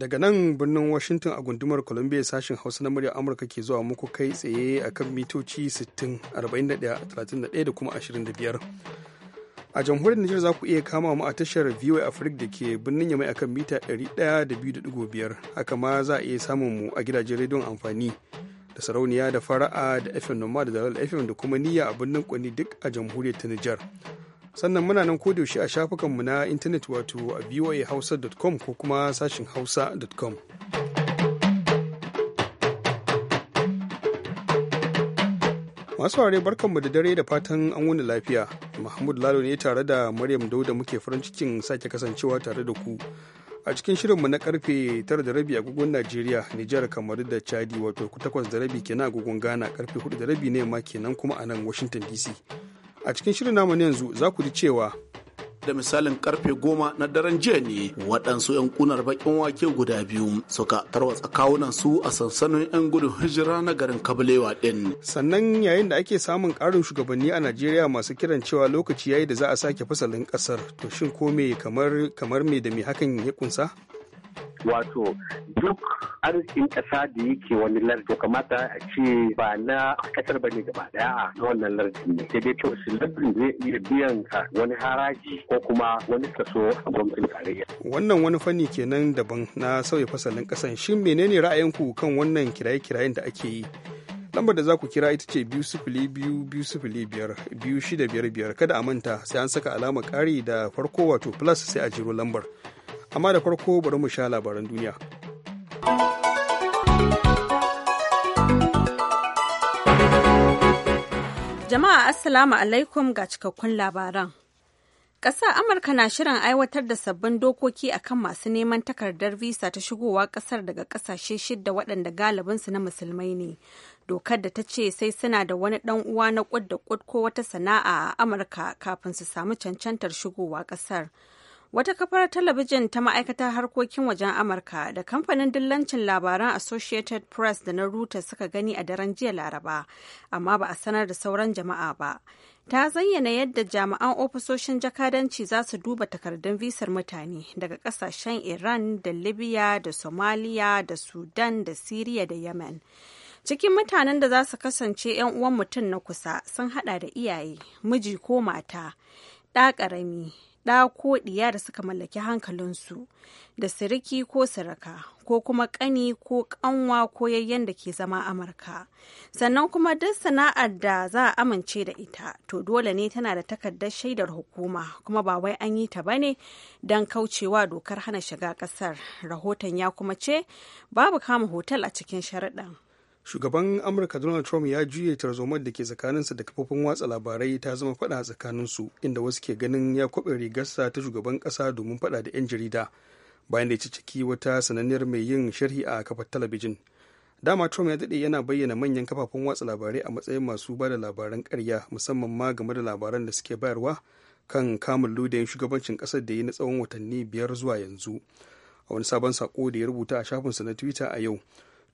daga nan birnin washington a gundumar columbia sashen hausa na murya amurka ke zuwa muku kai tsaye akan mitoci 60 41 31 da kuma 25 a jamhuriyar Nijar za ku iya kama mu a tashar VOA Africa da ke birnin Yamai kan mita 102.5 haka ma za a iya samun mu a gidajen rediyon amfani da sarauniya da fara'a da FM Noma da Dalal FM da kuma niyya a birnin Kwani duk a jamhuriyar ta Nijar. sannan muna nan ko yaushe a shafukanmu na intanet wato a voahausa.com ko kuma sashin hausa.com masu ware barkanmu da dare da fatan an wuni lafiya mahmud lalo ne tare da maryam dauda muke farin cikin sake kasancewa tare da ku a cikin shirinmu na karfe 9 da rabi agogon najeriya nijar kamaru da chadi wato 8 da rabi kenan agogon ghana karfe 4 da rabi ne ma kenan kuma a nan washington dc a cikin shirin namu yanzu za ku ji cewa da misalin karfe goma na daren jiya ne waɗansu 'yan kunar bakin wake guda biyu suka tarwatsa kawunan su a sansanin 'yan gudun hijira na garin kabilewa ɗin. sannan yayin da ake samun ƙarin shugabanni a najeriya masu kiran cewa lokaci yayi da za a sake fasalin ƙasar to shin ko me kamar kamar me da me hakan ya kunsa wato duk arzikin ƙasa da yake wani lardi kamata a ce ba na ƙasar ba ne gaba daya a wannan lardi ne sai dai kyau shi lardin zai iya biyan ka wani haraji ko kuma wani kaso a gwamnatin tarayya. wannan wani fanni kenan daban na sauya fasalin ƙasan shin menene ra'ayinku kan wannan kiraye-kirayen da ake yi lambar da za ku kira ita ce biyu sifili biyu biyu sifili biyar biyu shida biyar biyar kada a manta sai an saka alamar ƙari da farko wato plus sai a jiro lambar amma da farko bari mu sha labaran duniya jama'a assalamu alaikum ga cikakkun labaran Ƙasar Amurka na shirin aiwatar da sabbin dokoki akan masu neman takardar visa ta shigowa ƙasar daga ƙasashe shidda waɗanda galibinsu na musulmai ne. Dokar da ta ce sai suna da wani ɗan uwa na ƙud da ƙud ko wata sana'a a Amurka kafin su samu cancantar shigowa ƙasar. Wata kafar talabijin ta ma'aikatar harkokin wajen Amurka da kamfanin dillancin labaran Associated Press da na Reuters suka gani a daren jiya Laraba, amma ba a sanar da sauran jama'a ba. Ta zayyana yadda jami'an ofisoshin jakadanci za su duba takardun visar mutane daga kasashen Iran da Libya da Somalia da Sudan da Syria da Yemen. cikin mutanen da za su kasance 'yan uwan mutum na kusa sun hada da iyaye miji ko mata ɗa ƙarami ɗa ko ɗiya da suka mallaki hankalinsu da siriki ko siraka ko kuma ƙani ko ƙanwa ko yayyen da ke zama amurka sannan kuma duk sana'ar da za a amince da ita to dole ne tana da takardar shaidar hukuma kuma ba wai an yi ta ba ne don kaucewa dokar hana shiga ƙasar rahoton ya kuma ce babu kama hotel a cikin sharaɗin shugaban amurka donald trump ya juye tarzomar da ke tsakaninsa da kafofin watsa labarai ta zama fada tsakaninsu inda wasu ke ganin ya kwaɓe rigarsa ta shugaban kasa domin fada da 'yan jarida bayan da ya ciki wata sananniyar mai yin sharhi a kafar talabijin dama trump ya daɗe yana bayyana manyan kafafen watsa labarai a matsayin masu bada labaran karya musamman ma game da labaran da suke bayarwa kan kamun ludayin shugabancin ƙasar da yi na tsawon watanni biyar zuwa yanzu a wani sabon sako da ya rubuta a shafinsa na twitter a yau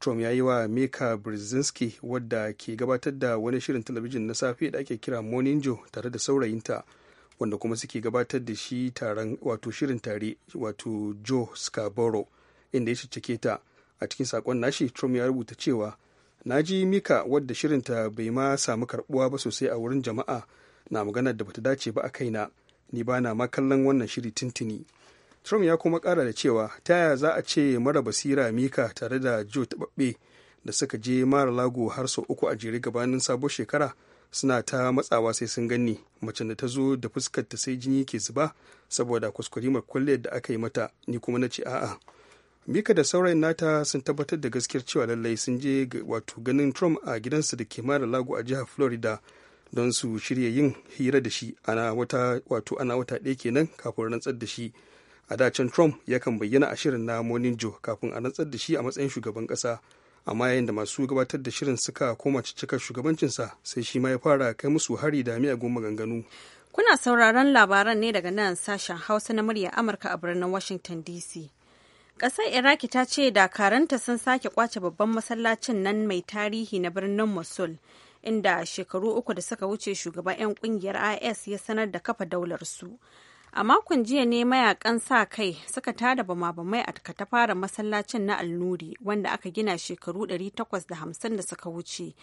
trump ya yi wa mika brzezinski wadda ke gabatar da wani shirin talabijin na safe da ake kira morning joe tare da saurayinta wanda kuma suke gabatar da shi taron wato shirin tare wato joe scarborough inda ya ciccike ta a cikin sakon nashi trump ya rubuta cewa na ji mika wadda shirinta bai ma samu karbuwa ba sosai a wurin jama'a na maganar da bata dace ba a kaina ni ba na ma kallon wannan shiri tintini trump ya kuma kara da cewa ta yaya za a ce mara basira mika tare da joe taɓaɓɓe da suka je mara lago har sau uku a jere gabanin sabon shekara suna ta matsawa sai sun ganni macen da ta zo da fuskar ta sai jini ke zuba saboda mai kwalliyar da aka yi mata ni kuma na ce a'a mika da saurayin nata sun tabbatar da gaskiyar cewa lallai sun je wato ganin trump a gidansa da ke mara lago a jihar florida don su shirya yin hira da shi ana wata wato ana wata ɗaya kenan kafin rantsar da shi a da can trump yakan bayyana a shirin na morning kafin a natsar da shi a matsayin shugaban kasa amma yayin da masu gabatar da shirin suka koma cikin shugabancinsa sai shi ma ya fara kai musu hari da miyagun maganganu kuna sauraron labaran ne daga nan sashen hausa na murya amurka a birnin washington dc Ƙasar Iraki ta ce dakaranta sun sake kwace babban masallacin nan mai tarihi na birnin Mosul, inda shekaru uku da suka wuce shugaban 'yan kungiyar IS ya sanar da kafa daular su. a makon jiya ne mayakan sa kai suka tada bama-bamai a katafaren masallacin na alnuri wanda aka gina shekaru 850 da suka wuce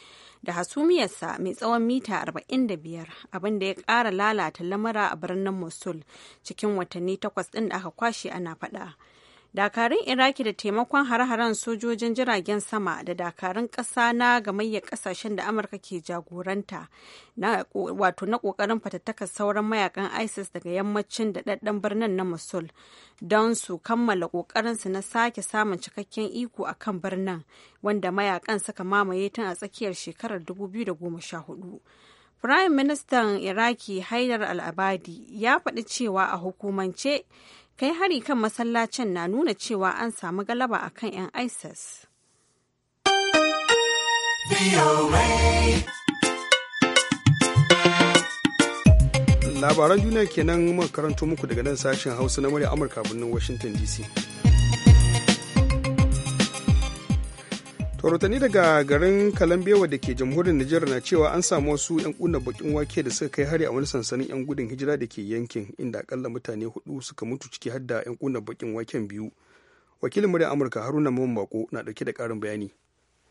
da hasumiyarsa mai tsawon mita 45 abinda ya kara lalata lamura a birnin mosul cikin watanni takwas ɗin da aka kwashe ana faɗa. dakarun iraki da taimakon hare haren sojojin jiragen sama da dakarun ƙasa na gamayyar ƙasashen da amurka ke jagoranta wato na ƙoƙarin fatattakar sauran mayakan isis daga yammacin da ɗaɗɗan birnin na musul don su kammala ƙoƙarinsu na sake samun cikakken iko a kan birnin wanda mayakan suka mamaye tun a tsakiyar shekarar 2014 Firayim Ministan Iraki Haidar Al-Abadi ya faɗi cewa a hukumance kai hari kan masallacin na nuna cewa an samu galaba a kan 'yan isis labaran duniya kenan makarantu karanto muku daga nan sashen hausa na murya amurka birnin washington dc rahotanni daga garin kalambewa da ke jamhuriyar nijar na cewa an samu wasu 'yan kuna bakin wake da suka kai hari a wani sansanin 'yan gudun hijira da ke yankin inda akalla mutane hudu suka mutu ciki har da 'yan kuna bakin waken biyu wakilin murya amurka haruna mamako bako na dauke da karin bayani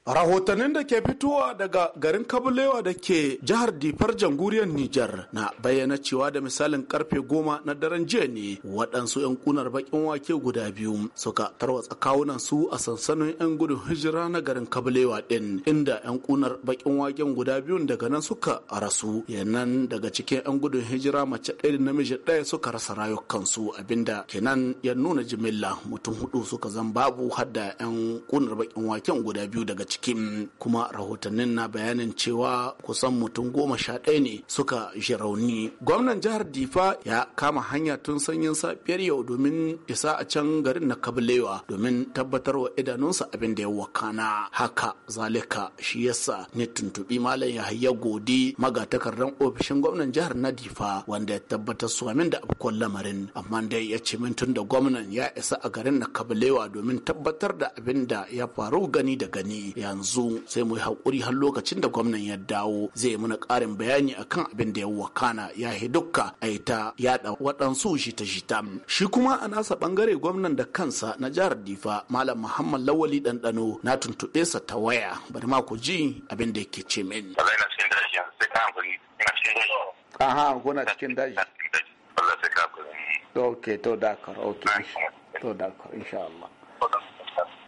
Rahotannin da ke fitowa daga garin Kabulewa da ke jihar Difar jamhuriyar Nijar na bayyana cewa da misalin karfe goma na daren jiya ne waɗansu 'yan kunar bakin wake guda biyu suka tarwatsa kawunan su a sansanin 'yan gudun hijira na garin Kabulewa ɗin inda 'yan kunar bakin waken guda biyun daga nan suka rasu yanan daga cikin 'yan gudun hijira mace ɗaya da namiji ɗaya suka rasa rayukansu abinda kenan ya nuna jimilla mutum hudu suka zan babu hadda 'yan kunar bakin waken guda biyu daga cikin kuma rahotannin na bayanin cewa kusan mutum goma sha ɗaya ne suka ji rauni gwamnan jihar difa ya kama hanya tun sanyin safiyar yau domin isa a can garin na kabilewa domin tabbatar wa idanunsa abin da ya wakana haka zalika shi yasa ne tuntuɓi malam yahaya godi magatakardan ofishin gwamnan jihar na difa wanda ya tabbatar su amin da abokan lamarin amma dai ya ce min tun da gwamnan ya isa a garin na kabilewa domin tabbatar da abin da ya faru gani da gani yanzu sai mu yi haƙuri har lokacin da gwamnan ya dawo zai muna ƙarin bayani akan abin da ya wakana ya yi dukka a ta yaɗa waɗansu shita-shita shi kuma a nasa ɓangare gwamnan da kansa na jihar difa malam muhammad lawali ɗanɗano na tuntuɓe sa ta waya bari ma ku ji abin da yake ce min. Aha, kuna cikin daji. Ok, to dakar, ok. To dakar, insha Allah.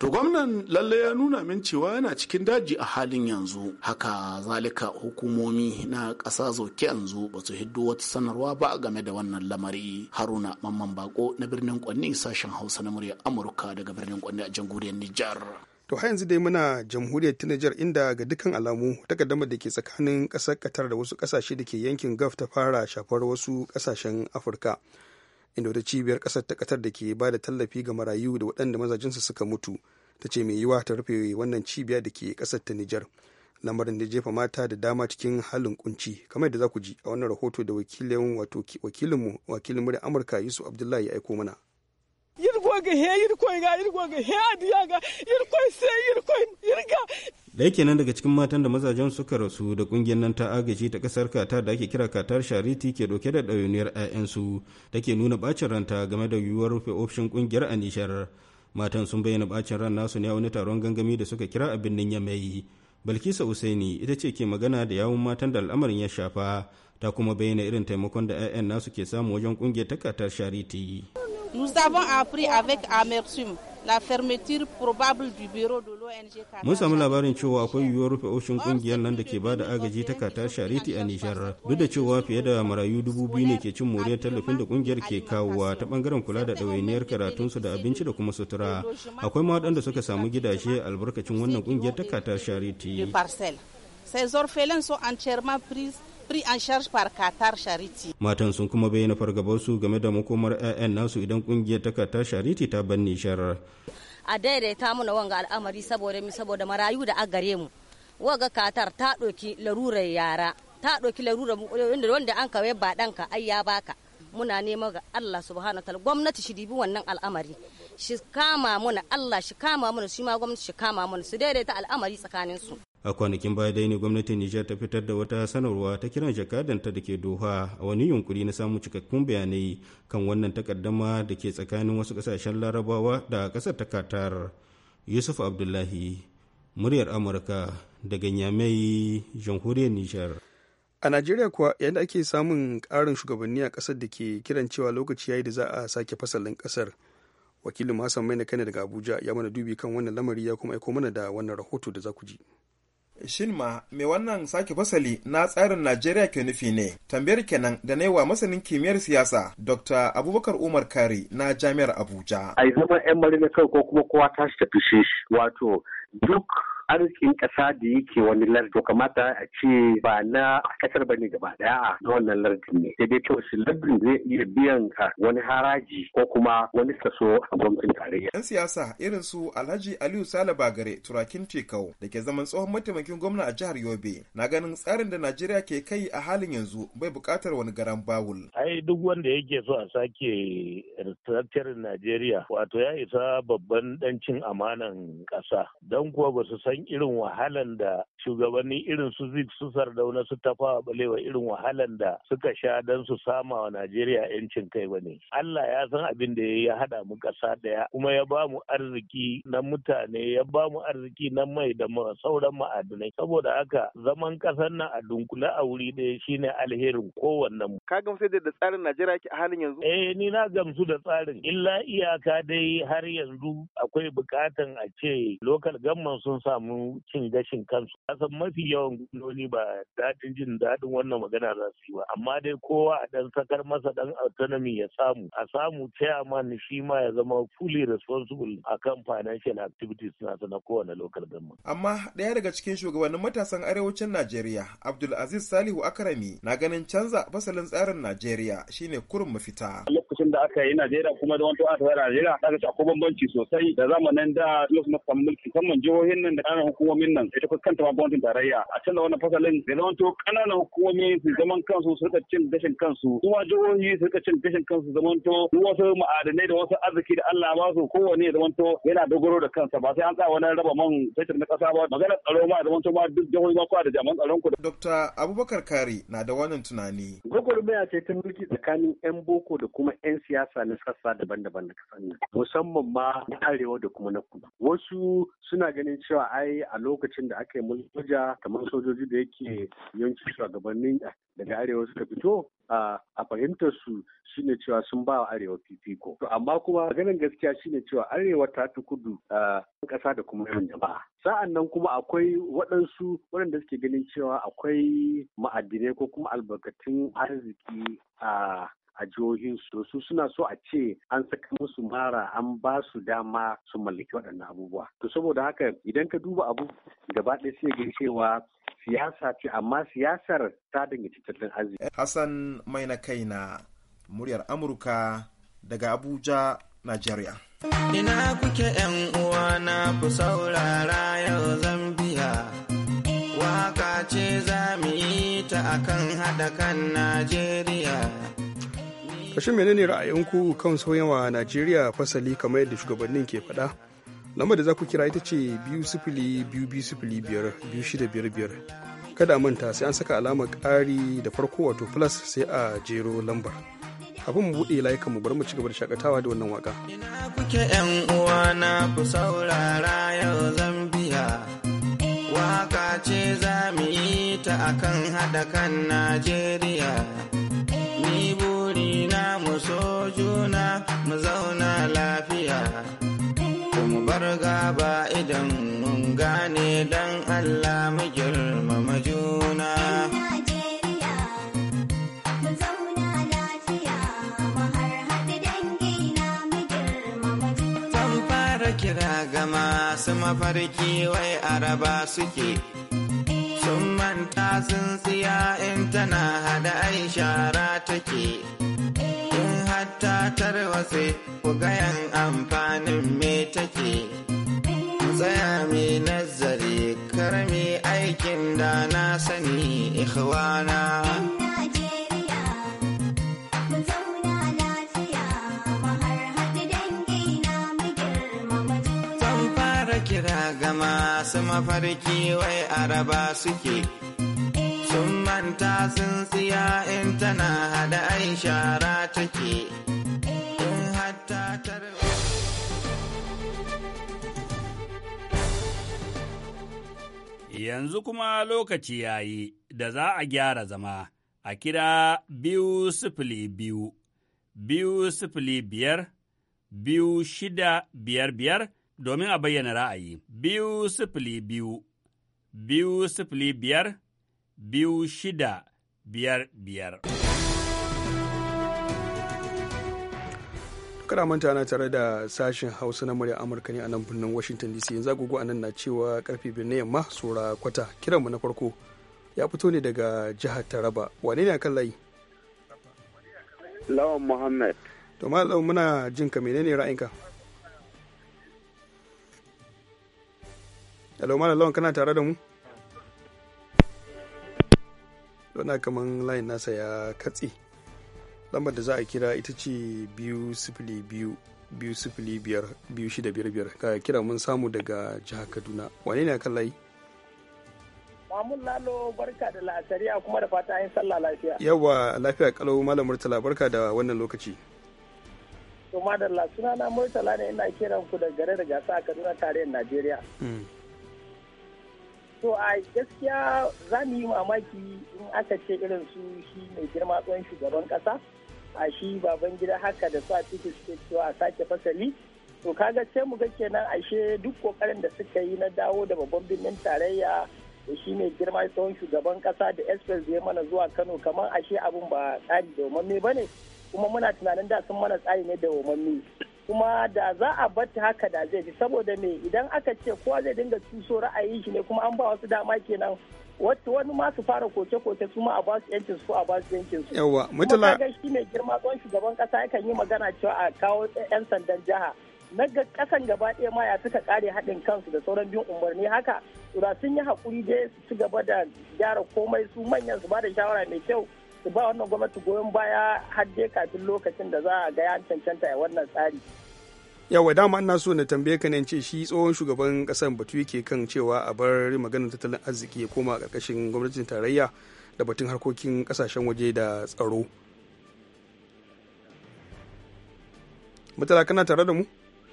To gwamnan lalle ya nuna min cewa yana cikin daji a halin yanzu. Haka zalika hukumomi na ƙasa zoke yanzu ba su hiddo wata sanarwa ba game da wannan lamari. Haruna Mamman Bako na birnin Kwanni sashen Hausa na murya Amurka daga birnin Kwanni a jamhuriyar Nijar. To har yanzu dai muna jamhuriyar ta Nijar inda ga dukkan alamu takaddamar da ke tsakanin ƙasar katar da wasu ƙasashe da ke yankin gaf ta fara shafar wasu ƙasashen Afirka. inda wata cibiyar ƙasar ta ƙatar da ke ba da tallafi ga marayu da waɗanda mazajensu suka mutu ta ce mai yiwa ta rufe wannan cibiyar da ke kasar ta Nijar. Lamarin da jefa mata da dama cikin halin kunci kamar da za ku ji a wannan rahoto da wakilin wato wakilinmu Amurka Yusuf Abdullahi ya aiko mana. irkoga he kenan daga cikin matan da mazajen suka rasu da kungiyar nan ta agaji ta kasar katar da ake kira katar shariti ke dauke da ɗawainiyar 'ya'yansu da ke nuna bacin ranta game da yiwuwar rufe ofishin kungiyar a nishar matan sun bayyana bacin ran nasu ne a wani taron gangami da suka kira a birnin yamai balkisa usaini ita ce ke magana da yawun matan da al'amarin ya shafa ta kuma bayyana irin taimakon da 'ya'yan nasu ke samu wajen kungiyar ta katar shariti Nous avons appris avec amertume la fermeture probable du bureau de l'ONG Mun samu labarin cewa akwai yiwuwar rufe ofishin kungiyar nan da ke ba da agaji ta katar shariti a Nijar duk da cewa fiye da marayu dubu biyu ne ke cin moriyar tallafin da kungiyar ke kawowa ta bangaren kula da ɗawainiyar karatunsu da abinci da kuma sutura. Akwai ma waɗanda suka samu gidaje albarkacin wannan kungiyar ta katar shariti. Ces orphelins sont entièrement prises free an charge par Qatar Charity. Matan sun kuma bayyana fargabarsu game da makomar 'ya'yan nasu idan kungiyar ta Qatar Charity ta ban nishar. A daidaita muna wanga al'amari saboda mu saboda marayu da agare mu. Waga Qatar ta ɗauki larurar yara, ta ɗauki larurar inda wanda an kawai ba ɗanka ai ya baka. Muna neman ga Allah subhanahu wa ta'ala gwamnati shi dibi wannan al'amari. shi kama mana Allah shi kama mana shi ma gwamnati shi kama mana su daidaita al'amari tsakanin su a kwanakin baya dai ne gwamnatin Nijar ta fitar da wata sanarwa ta kiran jakadanta da ke Doha a wani yunkuri na samun cikakkun bayanai kan wannan takaddama da ke tsakanin wasu kasashen Larabawa da kasar ta Qatar Yusuf Abdullahi muryar Amurka daga Nyamai jamhuriyar Nijar a najeriya kuwa yadda ake samun karin shugabanni a ƙasar da ke kiran cewa lokaci yayi da za a sake fasalin ƙasar wakilin masan mai na kane daga abuja ya mana dubi kan wannan lamari ya kuma aiko mana da wannan rahoto da za ku ji Shilma, mai wannan sake fasali na tsarin Najeriya ke nufi ne, tambayar kenan da na yi wa masanin kimiyyar siyasa Dr. Abubakar Umar Kari na Jami'ar Abuja. a zama 'yan marina kai ko kuma kowa ta tafi shi, wato duk arzikin kasa da yake wani lardu kamata a ce ba na kasar ba ne gaba ɗaya na wannan lardin ne sai dai kawai shi lardin zai iya biyan ka wani haraji ko kuma wani kaso a gwamnatin tarayya. Yan siyasa irin su Alhaji Aliyu Sale Bagare turakin Tekau da ke zaman tsohon mataimakin gwamna a jihar Yobe na ganin tsarin da Najeriya ke kai a halin yanzu bai buƙatar wani garan bawul. Ai duk wanda yake so a sake tattalin Najeriya wato ya isa babban dancin amanan ƙasa don kuwa ba su san irin wahalan da shugabanni irin su zik su sardauna su wa balewa irin wahalan da suka sha don su sama wa Najeriya 'yancin kai ba ne. Allah ya san abin da ya haɗa mu ƙasa ɗaya kuma ya ba mu arziki na mutane ya ba mu arziki na mai da sauran ma'adinai. Saboda haka zaman ƙasar nan a dunkule a wuri ɗaya shine alherin kowannen mu. Ka gamsu da tsarin Najeriya ke a halin yanzu? Eh ni na gamsu da tsarin illa iyaka dai har yanzu akwai bukatan a ce lokal gamman sun samu samu cin gashin kansu kasan mafi yawan gwamnoni ba daɗin jin daɗin wannan magana za su yi ba amma dai kowa a ɗan sakar masa ɗan autonomy ya samu a samu chairman shi ma ya zama fully responsible akan financial activities nasa na kowane local government amma ɗaya daga cikin shugabannin matasan arewacin Najeriya Abdul Aziz Salihu Akarami na ganin canza fasalin tsarin Najeriya shine kurin mafita lokacin da aka yi Najeriya kuma da wani aka yi Najeriya aka ci akwai bambanci sosai da zamanin da lokacin mulki, musamman jihohin nan da ƙananan hukumomin nan ita kuma kanta ma gwamnatin tarayya a can canza wannan fasalin da zaman to ƙananan hukumomi su zaman kansu su rika cin gashin kansu kuma jihohi su rika cin gashin kansu zaman to duk wasu ma'adanai da wasu arziki da Allah ba su kowane zaman to yana dogaro da kansa ba sai an tsaya wani raba man fetur na ƙasa ba magana tsaro ma zaman to ma duk jihohi ma kwa da jaman tsaron ku. Dr. Abubakar Kari na da wannan tunani. Gwagwarmaya ce ta mulki tsakanin 'yan boko da kuma 'yan siyasa na sassa daban-daban na ƙasar nan musamman ma na arewa da kuma na kudu. Wasu suna ganin cewa a ai a lokacin da aka yi mulkuja kamar sojoji da yake yanki shugabannin daga arewa suka fito a fahimtar su shine cewa sun ba wa arewa fifiko to amma kuma ganin gaskiya shine cewa arewa ta fi kudu ƙasa da kuma yawan jama'a sa'an nan kuma akwai waɗansu waɗanda suke ganin cewa akwai ma'adinai ko kuma albarkatun arziki a a jihohinsu su suna so a ce an saka musu mara an ba su dama su mallaki waɗannan abubuwa to saboda haka idan ka duba abu gaba ɗaya sai ga cewa siyasa ce amma siyasar ta danganci tattalin arziki Hassan mai na kai na muryar Amurka daga Abuja Najeriya Ina kuke ‘yan na ku saurara yau Zambiya, waka ce za mu yi ta akan haɗa kan Najeriya. Kashin menene ra'ayinku kan sauyawa Najeriya fasali kamar yadda shugabannin ke faɗa? Lamar da za ku kira ita ce biyu sifili biyu biyu sifili biyar biyu shida biyar biyar. Kada manta sai an saka alamar ƙari da farko wato plus sai a jero lambar. abin mu buɗe layukan mu bari mu ci gaba da shakatawa da wannan waka. Ina kuke uwa na ku saurara yau Zambiya. Waka ce za mu yi ta akan haɗa kan Najeriya. juna mu so juna mu zauna lafiya mu bar gaba idan mun gane dan Allah mu girmama juna kira ga masu mafarki wai araba suke sun manta sun siya in tana hada aishara take ta tarwatse ku gayan amfanin me take tsaya mai nazari karmi aikin da na sani ikhwana. kira ga masu mafarki wai araba suke sun manta sun siya in tana hada ai shara take Yanzu kuma lokaci ya yi da za a gyara zama a kira biyu sifili biyu, biyu sifili biyar, biyu shida biyar biyar domin a bayyana ra'ayi, biyu sifili biyu, biyu sifili biyar, biyu shida biyar biyar. kada manta ana tare da sashen hausa na murya amurka ne a nan birnin washington dc yanzu agogo a nan na cewa karfe biyu na yamma sura kwata kiranmu na farko ya fito ne daga jihar taraba wane ne akan layi lawan muhammad to malam muna jin ka menene ra'ayinka hello malam lawan kana tare da mu yana kaman layin nasa ya katse lambar da za a kira ita ce biyu sifili biyu biyu sifili biyar biyu shida biyar biyar ka kira mun samu daga jihar kaduna wane ne kan layi Mamun Lalo barka da lasariya kuma da fata yin sallah lafiya. Yawa lafiya kalau Malam Murtala barka da wannan lokaci. To madalla na Murtala ne ina kiran ku da gare da gasa a Kaduna tarayyar Najeriya. Hmm. to a gaskiya za mu yi mamaki in aka ce irin su shi mai girma tsohon shugaban kasa a shi baban gida haka da sa ciki suke cewa a sake fasali to kaga sai mu ga kenan ashe duk kokarin da suka yi na dawo da babban birnin tarayya da shi mai girma tsohon shugaban kasa da express ya mana zuwa kano kamar ashe abun ba tsari da umarni ba ne kuma muna tunanin da sun mana tsari ne da umarni kuma da za a batta haka da zai fi saboda me idan aka ce kowa zai dinga tuso ra'ayin shi ne kuma an ba wasu dama kenan wata wani ma su fara koke-koke su ma a ba su yancin su a ba su yancin su yawa mutala kuma shi ne girma tsohon shugaban kasa yakan yi magana cewa a kawo yan sandan jiha na ga kasan gaba ɗaya ma ya suka kare haɗin kansu da sauran bin umarni haka da sun yi hakuri dai su ci gaba da gyara komai su manyan su ba da shawara mai kyau su ba wannan gwamnati goyon baya har dai kafin lokacin da za a ga ya cancanta ya wannan tsari yawa dama ina so na tambaye ka ne ce shi tsohon shugaban kasar batu yake kan cewa a bar maganar tattalin arziki ya koma karkashin ƙarƙashin gwamnatin tarayya da batun harkokin kasashen waje da tsaro mutala kana tare da mu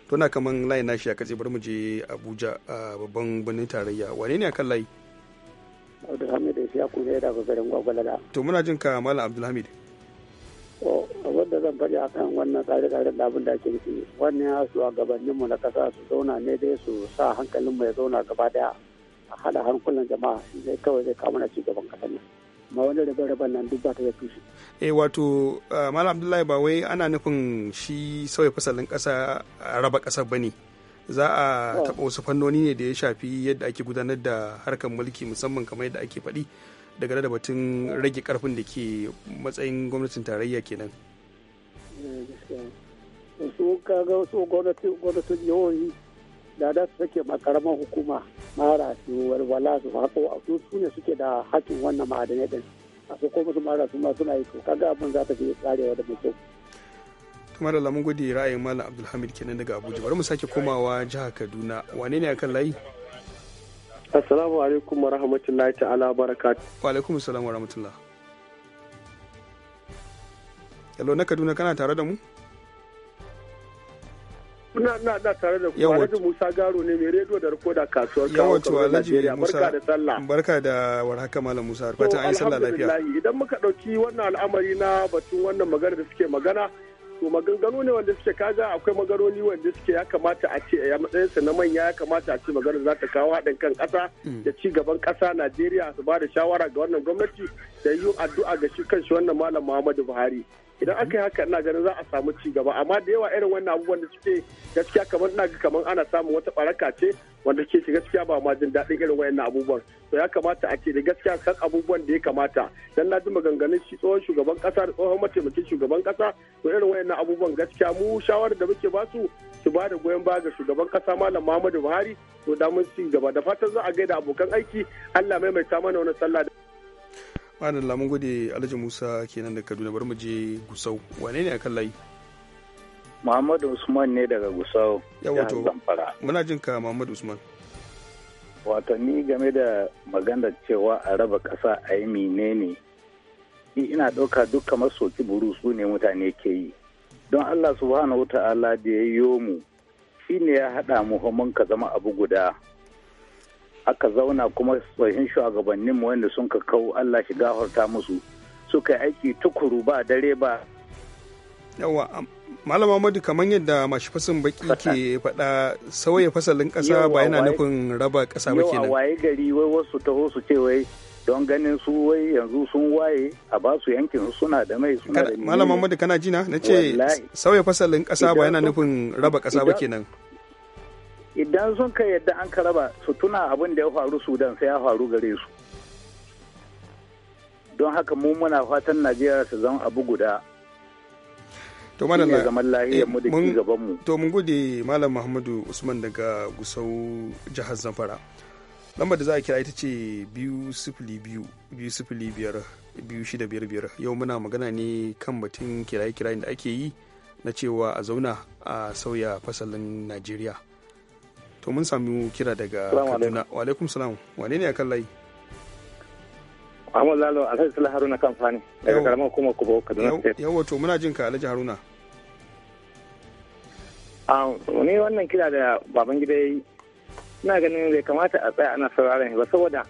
to na kaman layi nashi a katse bari mu je abuja a babban birnin tarayya wane ne akan layi isiyaku da ga garin gwagwalada to muna jin ka malam abdulhamid o abin da zan faɗi akan wannan tsare tsare da abin da ake nufi wannan ya su a mu na ƙasa su zauna ne dai su sa hankalin mu ya zauna gaba daya a haɗa hankulan jama'a zai kawai zai kama na ci gaban ƙasar ne. Ma wani rabe-raben nan duk ba ta da tushe. E wato ah, malam abdullahi ba wai ana nufin shi sauya fasalin ƙasa a raba ƙasar ba ne. za a oh. taɓa wasu fannoni ne da ya shafi yadda ake gudanar da harkar mulki musamman kamar yadda ake faɗi daga da batun rage karfin da ke matsayin gwamnatin tarayya kenan. su eh, kaga wasu gwamnatin jihohi da da su take makaramar hukuma mara su walwala su haƙo a su ne suke da haƙin wannan ma'adanai din a su kuma su mara su ma suna yi to kaga abin za ta fi tsarewa da mutum mara mun gode ra'ayin malam abdulhamid kenan daga abuja bari mu sake komawa jiha kaduna wane ne akan layi assalamu alaikum wa rahmatullahi ta'ala barakati. wa alaikum assalam wa rahmatullah hello na kaduna kana tare da mu na na na tare da ku Alhaji Musa Garo ne mai rediyo da rikoda kasuwar kawo wato Alhaji Musa da sallah barka da warhaka malam Musa fata an sallah lafiya idan muka dauki wannan al'amari na batun wannan magana da suke magana to maganganu ne wanda suke kaga akwai magaroni wanda suke ya kamata a ce a matsayinsa na manya ya kamata a ce maganar za ta kawo haɗin kan ƙasa mm. da ci gaban ƙasa Najeriya su ba da shawara ga wannan gwamnati da yi addu'a ga shi kan shi wannan malam Muhammadu Buhari idan aka yi haka ina ganin za a samu ci gaba amma da yawa irin wannan abubuwan da suke gaskiya kamar ina kamar ana samun wata baraka ce wanda ke shi gaskiya ba ma jin daɗin irin wayannan abubuwan to ya kamata a ce da gaskiya kan abubuwan da ya kamata dan na ji maganganun shi tsohon shugaban kasa da tsohon mataimakin shugaban kasa to irin wayannan abubuwan gaskiya mu shawarar da muke basu su ba da goyon baya ga shugaban kasa malam Muhammadu Buhari to da mun ci gaba da fatan za a gaida abokan aiki Allah maimaita mana wani sallah Madan lamun gode Alhaji Musa kenan da Kaduna bar mu je Gusau. Wane ne akan layi? Muhammadu Usman ne daga Gusau. Yawa to. Muna jin ka Muhammadu Usman. Wato ni game da maganar cewa a raba kasa a yi menene ni ina ɗauka duk maso soki buru su ne mutane ke yi. Don Allah subhanahu wa ta'ala da ya yi mu shi ne ya haɗa mu mun ka zama abu guda aka zauna kuma tsohin shugabanninmu wanda sun ka kawo Allah shi gafarta musu suka aiki tukuru ba dare ba yawa malama madu kamar yadda mashi fasin baki ke faɗa sauya fasalin ƙasa ba yana nufin raba ƙasa ba kenan waye gari wai wasu taho su ce wai don ganin su wai yanzu sun waye a ba su yankin suna da mai suna da malama madu kana jina na ce sauya fasalin ƙasa ba yana nufin raba ƙasa ba kenan idan sun ka yadda an ka raba su tuna abin da ya faru sudan sai ya faru gare su don haka mu muna fatan najeriya su zama abu guda to madalla zaman lahiyar mu da eh, gaban mu to mun gode malam muhammadu usman daga gusau jihar zamfara lambar da za a kira ita ce biyu sifili biyu biyu sifili biyar biyu shida biyar biyar yau muna magana ne kan batun kiraye-kirayen da ake yi na cewa a zauna a sauya fasalin najeriya to mun sami kira daga kaduna wa alaikum salam wane ne akan layi muhammadu Lalo Alhaji Sula Haruna kan daga karamar hukumar Kubo Kaduna State. Yawwa to muna jin ka Alhaji Haruna. ne wannan kira da baban gida ya yi ina ganin bai kamata a tsaya ana sauraron ba saboda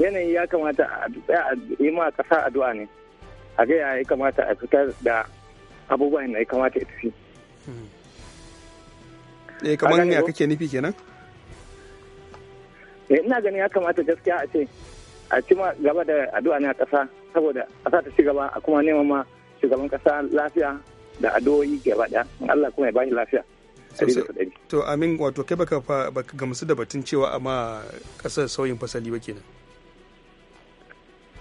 yanayi ya kamata a tsaya a yi ma kasa addu'a ne a ga ya kamata a fitar da abubuwan da ya kamata ya tafi. Hmm. eh kamar ya kake nufi kenan eh ina ganin ya kamata gaskiya a ce a ci gaba da addu'a ne a ƙasa saboda ƙasa ta ci gaba a kuma neman ma shugaban ƙasa lafiya da addu'o'i gaba da Allah kuma ya bani lafiya to amin wato kai baka baka gamsu da batun cewa amma ƙasar sauyin fasali ba kenan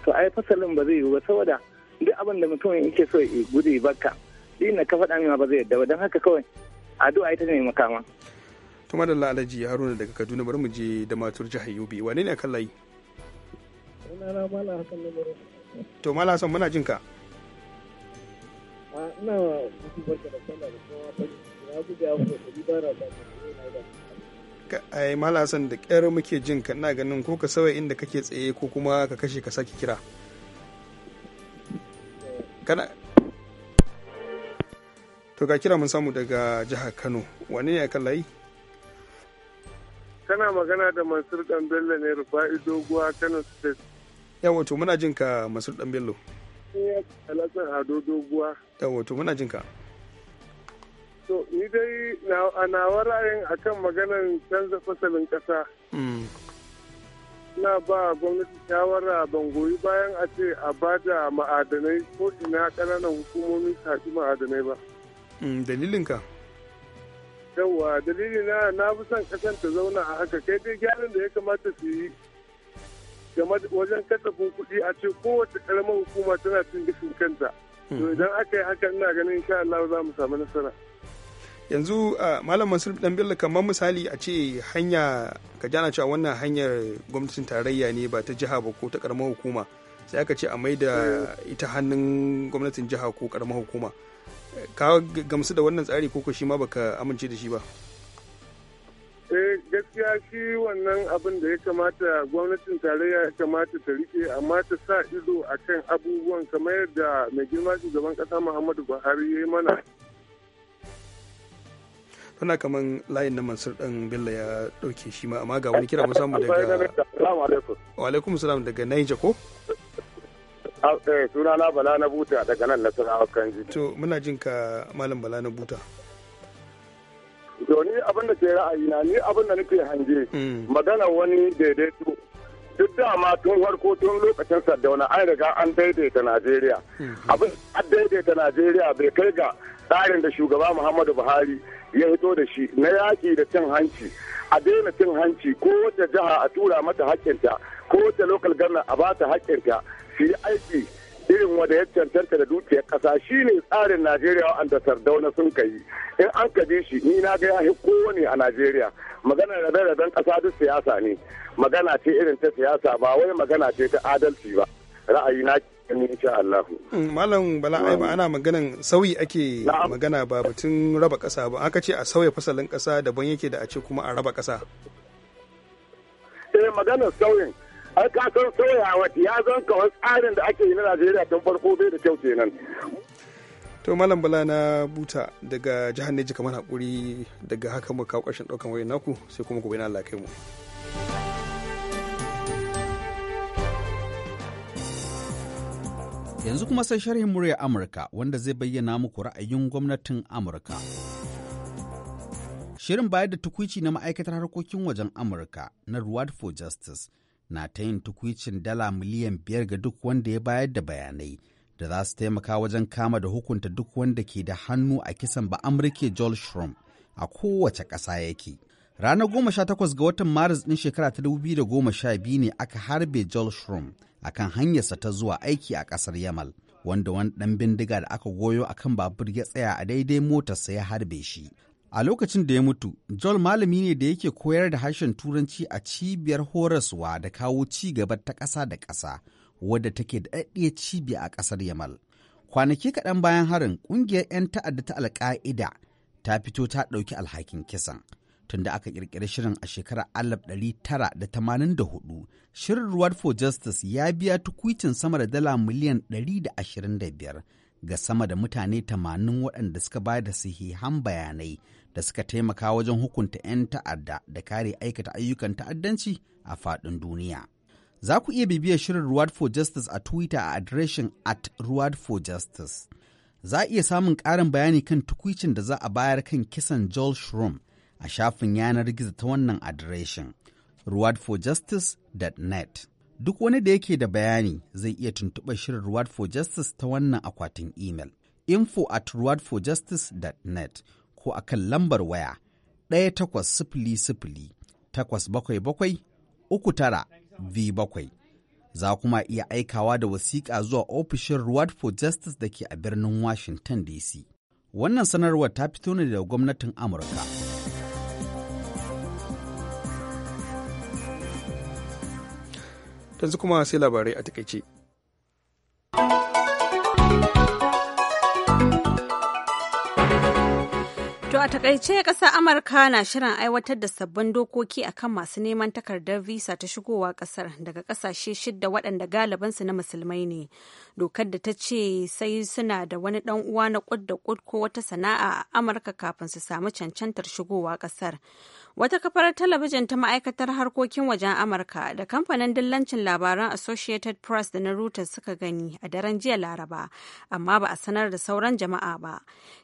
to ai fasalin ba zai yiwu ba saboda duk abin da mutum yake so ya gudu baka din na ka faɗa min ba zai yadda ba don haka kawai addu'a ita ne makama to madalla alhaji haruna daga kaduna bari mu je da matur jihar yobe wane ne kan layi to mala ah, son muna jinka ina ai mala son da kyar muke jin ka ina ganin ko ka sauya inda kake tsaye ko kuma ka kashe ka sake kira eh. to ga kira mun samu daga jihar kano wani ne kan layi kana magana da mansur dan bello ne rufa'i doguwa kano state yawa to muna jinka mansur dan bello alasan ado doguwa yawa to muna jinka to ni dai a nawa ra'ayin akan maganan canza fasalin kasa mm. na ba gwamnati shawara ban goyi bayan a ce a bada ma'adanai ko ina ƙananan hukumomi kaji ma'adanai ba Mm, dalilinka yauwa dalili na na fi son kasan ta zauna a haka kai dai gyaran da ya kamata su yi game wajen kasafin kuɗi a ce kowace karamar hukuma tana cin gashin kanta to mhm. idan aka yi haka ina ganin insha Allah za mu samu nasara yanzu malam mansur dan bello kamar misali a ce hanya ka jana cewa wannan hanyar gwamnatin tarayya ne ba ta jiha ba ko ta karamar hukuma sai aka ce a mai da eh. ita hannun gwamnatin jiha ko karamar hukuma ka gamsu da wannan tsari koko shi ma baka amince da shi ba eh gaskiya shi wannan abin da ya kamata gwamnatin tarayya ya kamata ta rike amma ta sa ido a kan abubuwan kamar yadda mai girma shugaban kasa muhammadu buhari ya yi mana tana kamar layin na mansur dan bello ya dauke shi ma amma ga wani kira musamman daga wa alaikum daga naija ko Eh, suna na bala na buta daga nan nasarawa to muna jin ka malam bala na buta ni abin da ke ra'ayi na ni abin da nake hange hmm. magana wani daidaito duk dama tun farko tun lokacin sardauna an riga an daidaita najeriya hmm. abin an daidaita najeriya bai kai ga tsarin da shugaba muhammadu buhari ya hito da shi na yaki da cin hanci a daina cin hanci ko wata jiha a tura mata hakkinta ko wata lokal gana a ba ta hakkinta su yi aiki irin wanda ya cancanta da dukiyar kasa shine tsarin najeriya wanda sardauna sun kai in an kaje shi ni na ga ya yahi kowane a najeriya magana rabe-raben kasa duk siyasa ne magana ce irin ta siyasa ba wai magana ce ta adalci ba ra'ayi na ne insha Allah hmm, malam bala ba ana maganan sauyi ake magana ba batun raba kasa ba aka ce a sauya fasalin kasa daban yake da a ce kuma a raba kasa eh maganar sauyin ai ka san wata ya zan kawai tsarin da ake yi na najeriya tun farko bai da kyau kenan to malam bala na buta daga jihar neji kamar hakuri daga haka muka kawo ƙarshen ɗaukan wayan naku sai kuma gobe na Allah kai mu yanzu kuma sai sharhin murya amurka wanda zai bayyana muku ra'ayin gwamnatin amurka shirin bayar da tukuici na ma'aikatar harkokin wajen amurka na reward for justice na ta yin tukwicin dala miliyan biyar ga duk wanda ya bayar da bayanai da za su taimaka wajen kama da hukunta duk wanda ke da hannu a kisan ba amurke joel shrum a kowace ƙasa yake ranar goma sha takwas ga watan maris ɗin shekara ta dubu biyu da goma sha biyu ne aka harbe joel shrum akan hanyarsa ta zuwa aiki a ƙasar yamal wanda wani ɗan bindiga da aka goyo akan babur ya tsaya a daidai motarsa ya harbe shi A lokacin da ya mutu, Joel malami ne da yake koyar da harshen Turanci a cibiyar horaswa da kawo ci gaba ta ƙasa da ƙasa, wadda take da ɗaɗɗiyar cibiya a ƙasar Yamal. Kwanaki kaɗan bayan harin, ƙungiyar 'yan ta'adda ta Alƙa'ida ta fito ta ɗauki alhakin kisan. Tunda aka ƙirƙiri shirin a shekarar hudu, shirin Reward for Justice ya biya tukwicin sama da dala miliyan ɗari da da ashirin biyar. ga sama da mutane tamanin waɗanda suka ba da sahihan bayanai da suka taimaka wajen hukunta 'yan ta'adda da kare aikata ayyukan ta'addanci a faɗin duniya. Za ku iya bibiyar shirin Reward for Justice a Twitter a adireshin at Reward for Justice. Za a iya samun ƙarin bayani kan tukwicin da za a bayar kan kisan Joel Shroom a shafin yanar gizo ta wannan adireshin rewardforjustice.net. Duk wani da yake da bayani zai iya tuntuɓar shirin Reward for Justice ta wannan akwatin email info at rewardforjustice.net ko a kan lambar waya ɗaya takwas sifili sifili takwas bakwai bakwai uku tara v bakwai. Za kuma iya aikawa da wasiƙa zuwa ofishin Reward for Justice da ke a birnin Washington DC. Wannan sanarwar ta fito ne daga gwamnatin Amurka. yanzu kuma sai labarai a takaice To a takaice ƙasar Amurka na shirin aiwatar da sabbin dokoki akan masu neman takardar visa ta shigowa ƙasar daga ƙasashe shidda waɗanda galibansu na musulmai ne. Dokar da ta ce sai suna da wani ɗan uwa na ƙud da ƙud ko wata sana'a a Amurka kafin su samu cancantar shigowa ƙasar. Wata kafar talabijin ta ma'aikatar harkokin wajen Amurka da kamfanin dillancin labaran Associated Press da na Reuters suka gani a daren jiya Laraba, amma ba a sanar da sauran jama'a ba.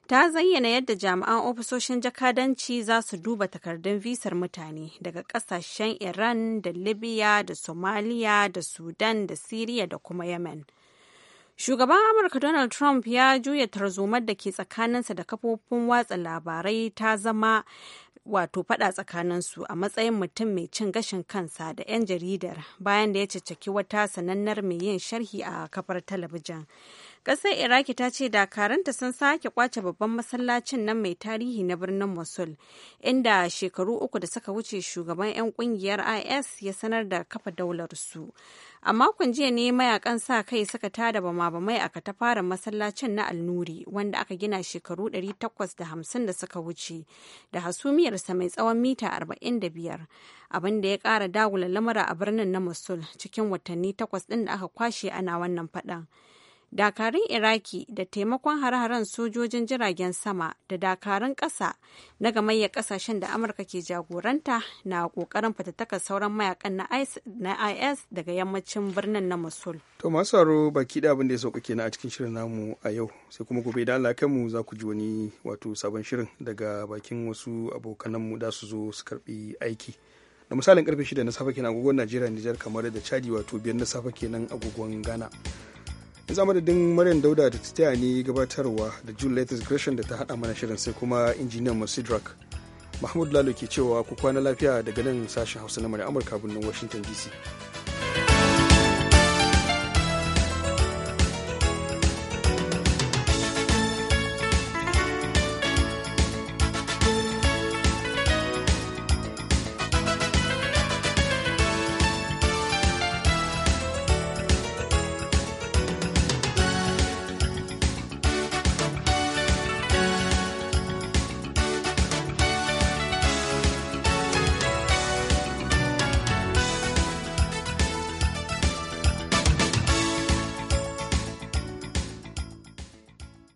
Ta zayyana yadda jami'an ofisoshin jakadanci za su duba takardun visar mutane daga kasashen Iran da Libya da Somalia da Sudan da Siriya da kuma Yemen. Shugaban Amurka Donald Trump ya juya tarzomar da ke tsakaninsa da kafofin watsa labarai ta zama wato fada tsakaninsu a matsayin mutum mai cin gashin kansa da 'yan jaridar bayan da ya caccaki wata sanannar mai yin sharhi a kafar talabijin Ƙasar Iraki ta ce dakaranta sun sake kwace babban masallacin nan mai tarihi na birnin Mosul, inda shekaru uku da suka wuce shugaban 'yan kungiyar IS ya sanar da kafa daular su. A makon jiya ne mayakan sa kai suka tada bama-bamai a katafaren masallacin na Alnuri wanda aka gina shekaru 850 da suka wuce da hasumiyarsa mai tsawon mita 45 abin da ya ƙara dagula lamura a birnin na Mosul cikin watanni takwas ɗin da aka kwashe ana wannan faɗan. dakarun iraki da taimakon har haren sojojin jiragen sama da dakarun ƙasa na gamayyar ƙasashen da amurka ke jagoranta na ƙoƙarin fatattakar sauran mayakan na is daga yammacin birnin na mosul to masu baki da abin da ya sauka kenan a cikin shirin namu a yau sai kuma gobe da allah kanmu za ku ji wani wato sabon shirin daga bakin wasu abokananmu da su zo su karbi aiki da misalin karfe shida na safe kenan agogon najeriya nijar kamar da chadi wato biyar na safe kenan agogon ghana yanzu madadin maryam dauda da ta taya ni gabatarwa da june latest gresham da ta hada mana shirin sai kuma injiniyan masidrak mahmud lalo ke cewa ku kwana lafiya daga nan sashen hausa na amurka birnin washington dc